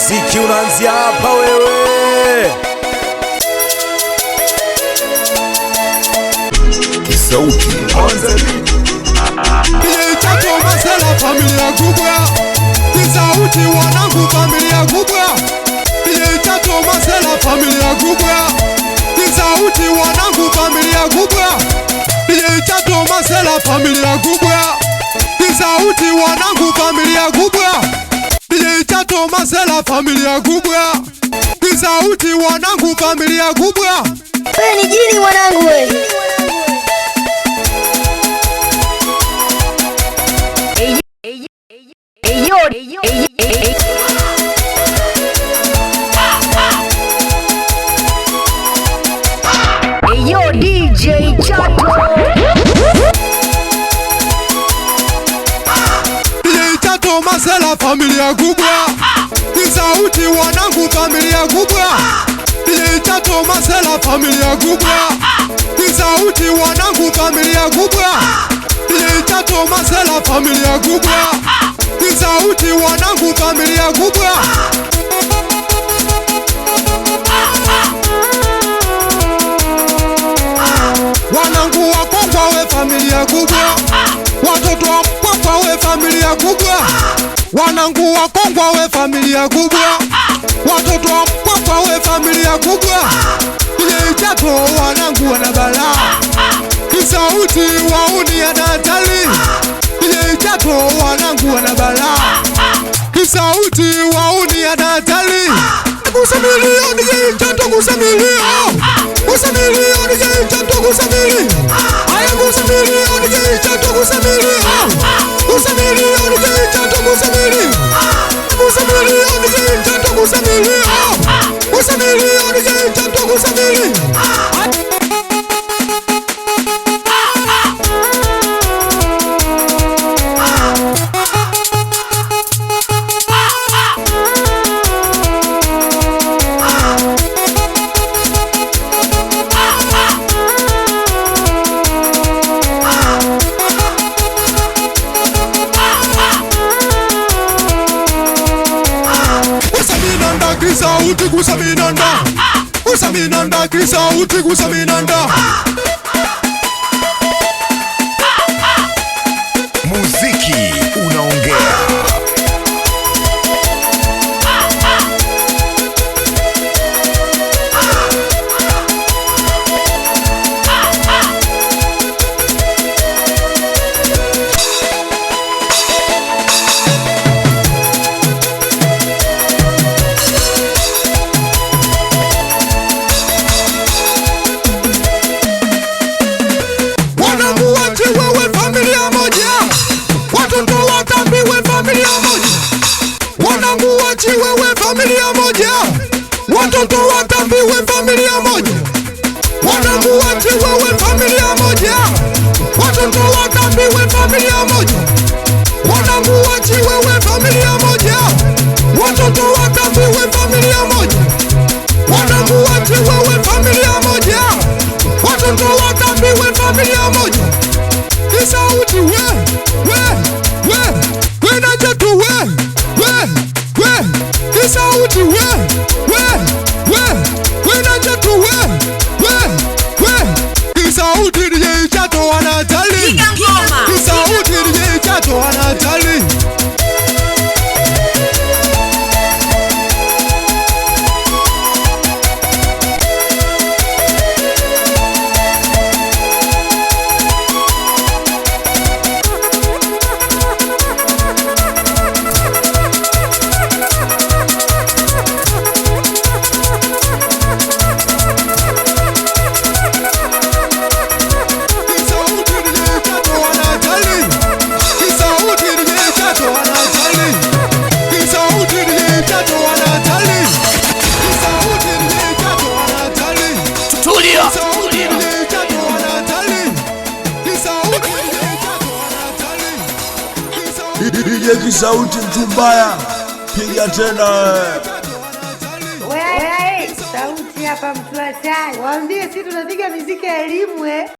Muziki unaanzia hapa wewe. Sauti Masela, familia sauti, wanangu, familia kubwa Masela, familia sauti, wanangu, familia Masela, familia kubwa ni sauti, wanangu, familia kubwa Niliita Tomasela familia kubwa, ni sauti wanangu, familia kubwa. Wewe ni jini wanangu wewe. Masela, familia kubwa ni sauti wanangu, familia kubwa Chato Masela, familia kubwa ni sauti wanangu, familia kubwa Chato Masela, familia kubwa ni sauti wanangu, familia kubwa wanangu wako we familia kubwa, watoto wako we familia kubwa Wanangu wakongwa we familia kubwa, watoto wa mkongwa we familia kubwa. Kwenye Chato wanangu wana balaa, Kisauti wauni ya natali Kwenye Chato wanangu wana balaa, Kisauti wauni ana hatari. Kusamilio nije Chato, kusamilio, kusamilio nije Chato, kusamilio Krisa uti minanda Gusa minanda Krisa uti gusa minanda watoto wataviwe familia moja, watakuachiwewe familia moja, watoto wataviwe familia moja, watakuachiwewe familia moja, watoto wataviwe familia moja, watakuachiwewe familia moja, watoto wataviwe familia moja. isauti sauti we we we we na jetu we we we, ni sauti we Piga kisauti mchumbaya, piga tena we, sauti hapa mtu wa tai, waambie si tunapiga miziki ya elimu eh.